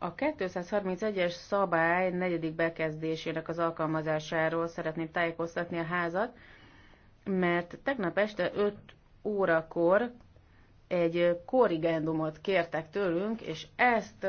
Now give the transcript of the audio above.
A 231-es szabály negyedik bekezdésének az alkalmazásáról szeretném tájékoztatni a házat, mert tegnap este 5 órakor egy korrigendumot kértek tőlünk, és ezt